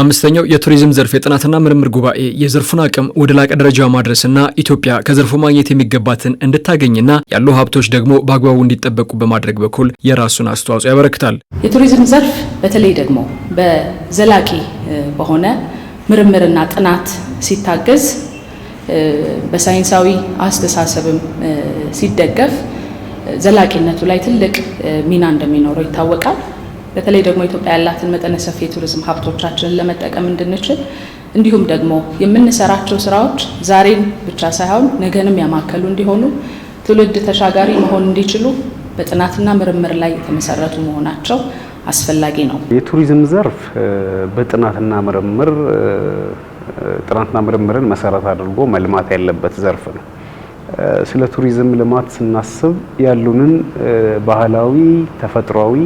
አምስተኛው የቱሪዝም ዘርፍ የጥናትና ምርምር ጉባኤ የዘርፉን አቅም ወደ ላቀ ደረጃ ማድረስና ኢትዮጵያ ከዘርፉ ማግኘት የሚገባትን እንድታገኝና ያሉ ሀብቶች ደግሞ በአግባቡ እንዲጠበቁ በማድረግ በኩል የራሱን አስተዋጽኦ ያበረክታል። የቱሪዝም ዘርፍ በተለይ ደግሞ በዘላቂ በሆነ ምርምርና ጥናት ሲታገዝ፣ በሳይንሳዊ አስተሳሰብም ሲደገፍ ዘላቂነቱ ላይ ትልቅ ሚና እንደሚኖረው ይታወቃል። በተለይ ደግሞ ኢትዮጵያ ያላትን መጠነ ሰፊ የቱሪዝም ሀብቶቻችንን ለመጠቀም እንድንችል እንዲሁም ደግሞ የምንሰራቸው ስራዎች ዛሬን ብቻ ሳይሆን ነገንም ያማከሉ እንዲሆኑ ትውልድ ተሻጋሪ መሆን እንዲችሉ በጥናትና ምርምር ላይ የተመሰረቱ መሆናቸው አስፈላጊ ነው። የቱሪዝም ዘርፍ በጥናትና ምርምር ጥናትና ምርምርን መሰረት አድርጎ መልማት ያለበት ዘርፍ ነው። ስለ ቱሪዝም ልማት ስናስብ ያሉንን ባህላዊ፣ ተፈጥሯዊ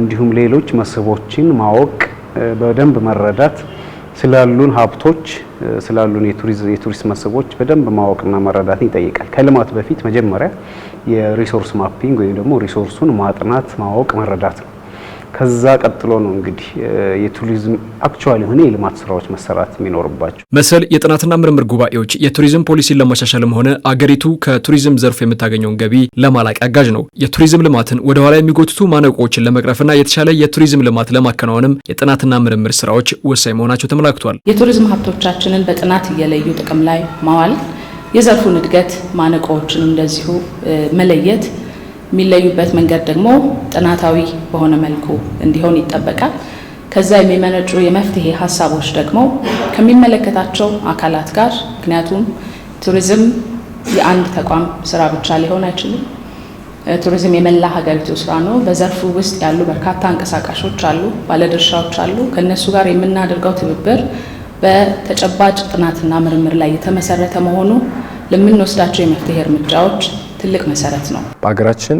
እንዲሁም ሌሎች መስህቦችን ማወቅ በደንብ መረዳት ስላሉን ሀብቶች ስላሉን የቱሪስት መስህቦች በደንብ ማወቅና መረዳትን ይጠይቃል። ከልማት በፊት መጀመሪያ የሪሶርስ ማፒንግ ወይም ደግሞ ሪሶርሱን ማጥናት ማወቅ መረዳት ነው። ከዛ ቀጥሎ ነው እንግዲህ የቱሪዝም አክቹዋሊ የሆነ የልማት ስራዎች መሰራት የሚኖርባቸው። መሰል የጥናትና ምርምር ጉባኤዎች የቱሪዝም ፖሊሲን ለማሻሻልም ሆነ አገሪቱ ከቱሪዝም ዘርፍ የምታገኘውን ገቢ ለማላቅ አጋዥ ነው። የቱሪዝም ልማትን ወደኋላ የሚጎትቱ ማነቆዎችን ለመቅረፍና የተሻለ የቱሪዝም ልማት ለማከናወንም የጥናትና ምርምር ስራዎች ወሳኝ መሆናቸው ተመላክቷል። የቱሪዝም ሀብቶቻችንን በጥናት እየለዩ ጥቅም ላይ ማዋል የዘርፉን እድገት ማነቆዎችን እንደዚሁ መለየት የሚለዩበት መንገድ ደግሞ ጥናታዊ በሆነ መልኩ እንዲሆን ይጠበቃል። ከዛ የሚመነጩ የመፍትሄ ሀሳቦች ደግሞ ከሚመለከታቸው አካላት ጋር ምክንያቱም ቱሪዝም የአንድ ተቋም ስራ ብቻ ሊሆን አይችልም። ቱሪዝም የመላ ሀገሪቱ ስራ ነው። በዘርፉ ውስጥ ያሉ በርካታ አንቀሳቃሾች አሉ፣ ባለድርሻዎች አሉ። ከእነሱ ጋር የምናደርገው ትብብር በተጨባጭ ጥናትና ምርምር ላይ የተመሰረተ መሆኑ ለምንወስዳቸው የመፍትሄ እርምጃዎች ትልቅ መሰረት ነው። በሀገራችን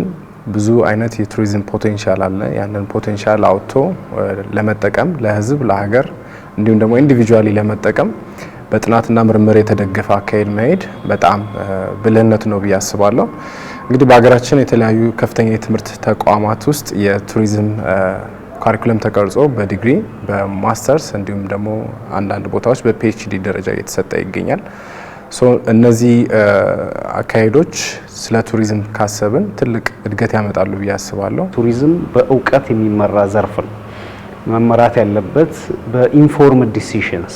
ብዙ አይነት የቱሪዝም ፖቴንሻል አለ። ያንን ፖቴንሻል አውጥቶ ለመጠቀም ለህዝብ፣ ለሀገር እንዲሁም ደግሞ ኢንዲቪጁዋሊ ለመጠቀም በጥናትና ምርምር የተደገፈ አካሄድ መሄድ በጣም ብልህነት ነው ብዬ አስባለሁ። እንግዲህ በሀገራችን የተለያዩ ከፍተኛ የትምህርት ተቋማት ውስጥ የቱሪዝም ካሪኩለም ተቀርጾ በዲግሪ በማስተርስ እንዲሁም ደግሞ አንዳንድ ቦታዎች በፒኤችዲ ደረጃ እየተሰጠ ይገኛል። እነዚህ አካሄዶች ስለ ቱሪዝም ካሰብን ትልቅ እድገት ያመጣሉ ብዬ አስባለሁ። ቱሪዝም በእውቀት የሚመራ ዘርፍ ነው። መመራት ያለበት በኢንፎርም ዲሲሽንስ፣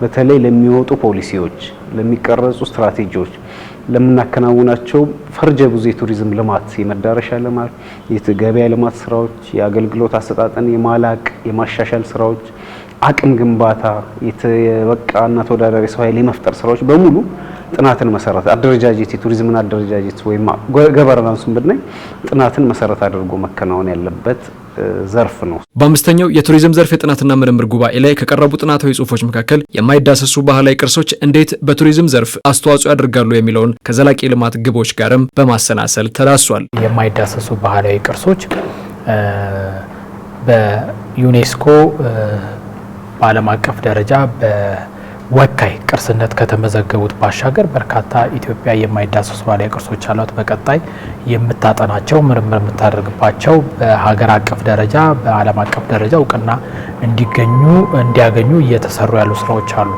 በተለይ ለሚወጡ ፖሊሲዎች፣ ለሚቀረጹ ስትራቴጂዎች፣ ለምናከናውናቸው ፈርጀ ብዙ የቱሪዝም ልማት፣ የመዳረሻ ልማት፣ የገበያ ልማት ስራዎች፣ የአገልግሎት አሰጣጠን የማላቅ የማሻሻል ስራዎች አቅም ግንባታ እና ተወዳዳሪ ሰው ኃይል የመፍጠር ስራዎች በሙሉ ጥናትን መሰረት አደረጃጀት የቱሪዝምን አደረጃጀት ወይም ገቨርናንሱን ብናይ ጥናትን መሰረት አድርጎ መከናወን ያለበት ዘርፍ ነው። በአምስተኛው የቱሪዝም ዘርፍ የጥናትና ምርምር ጉባኤ ላይ ከቀረቡ ጥናታዊ ጽሁፎች መካከል የማይዳሰሱ ባህላዊ ቅርሶች እንዴት በቱሪዝም ዘርፍ አስተዋጽኦ ያደርጋሉ የሚለውን ከዘላቂ ልማት ግቦች ጋርም በማሰናሰል ተዳሷል። የማይዳሰሱ ባህላዊ ቅርሶች በዩኔስኮ በዓለም አቀፍ ደረጃ በወካይ ቅርስነት ከተመዘገቡት ባሻገር በርካታ ኢትዮጵያ የማይዳሰሱ ባሕላዊ ቅርሶች አሏት። በቀጣይ የምታጠናቸው ምርምር የምታደርግባቸው በሀገር አቀፍ ደረጃ በዓለም አቀፍ ደረጃ እውቅና እንዲገኙ እንዲያገኙ እየተሰሩ ያሉ ስራዎች አሉ።